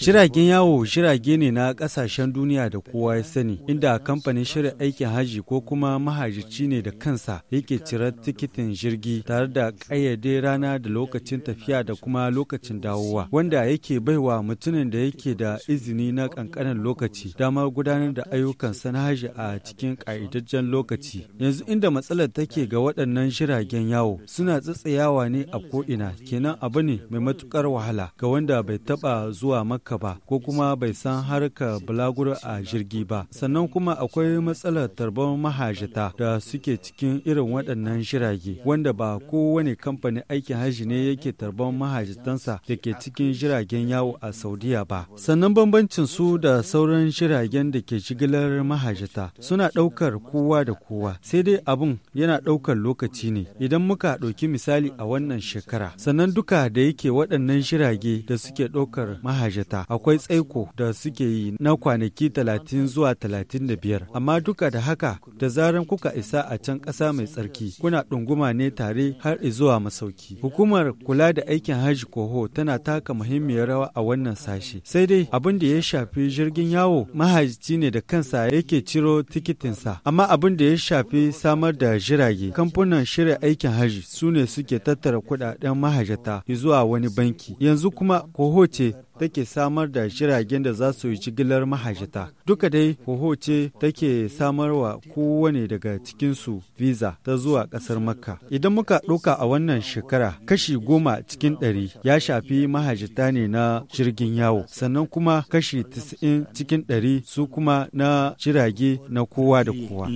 Jiragen yawo jirage ne na kasashen duniya da kowa ya sani, inda kamfanin shirin aikin haji ko kuma mahajirci ne da kansa yake cirar tikitin jirgi tare da kayyade rana da lokacin tafiya da kuma lokacin dawowa, wanda yake baiwa mutumin da yake da izini na kankanin lokaci damar gudanar da ayyukan na haji a cikin ƙa'idajjen lokaci. Yanzu inda matsalar take ga waɗannan jiragen yawo suna tsatsayawa ne a ko'ina kenan abu ne mai matuƙar wahala ga wanda bai bai taba zuwa makka ba ko kuma bai san harka bulagur a jirgi ba sannan kuma akwai matsalar tarban mahajata da suke cikin irin waɗannan jirage wanda ba kowane kamfanin aikin hajji ne yake tarban mahajatansa da ke cikin jiragen yawo a saudiya ba sannan bambancin su da sauran jiragen da ke jigilar mahajata suna ɗaukar kowa da kowa sai dai abun yana ɗaukar lokaci ne idan muka ɗauki misali a wannan shekara sannan duka da yake waɗannan jirage da suke suke ɗaukar mahajata akwai tsaiko da suke yi na kwanaki talatin zuwa talatin da biyar amma duka da haka da zaran kuka isa a can ƙasa mai tsarki kuna ɗunguma ne tare har zuwa masauki hukumar kula da aikin haji koho tana taka muhimmiyar rawa a wannan sashe sai dai abin da ya shafi jirgin yawo mahajici ne da kansa yake ciro tikitinsa amma abin da ya shafi samar da jirage kamfunan shirya aikin haji su ne suke tattara kuɗaɗen mahajata zuwa wani banki yanzu kuma koho hohoce ce take samar da jiragen da za su yi jigilar mahajata. Duka dai hohoce ce take samarwa kowane daga cikinsu visa ta zuwa kasar Makka. Idan muka ɗauka a wannan shekara kashi goma cikin ɗari ya shafi mahajata ne na jirgin yawo, sannan kuma kashi tis'in cikin ɗari su kuma na jirage na kowa da kowa.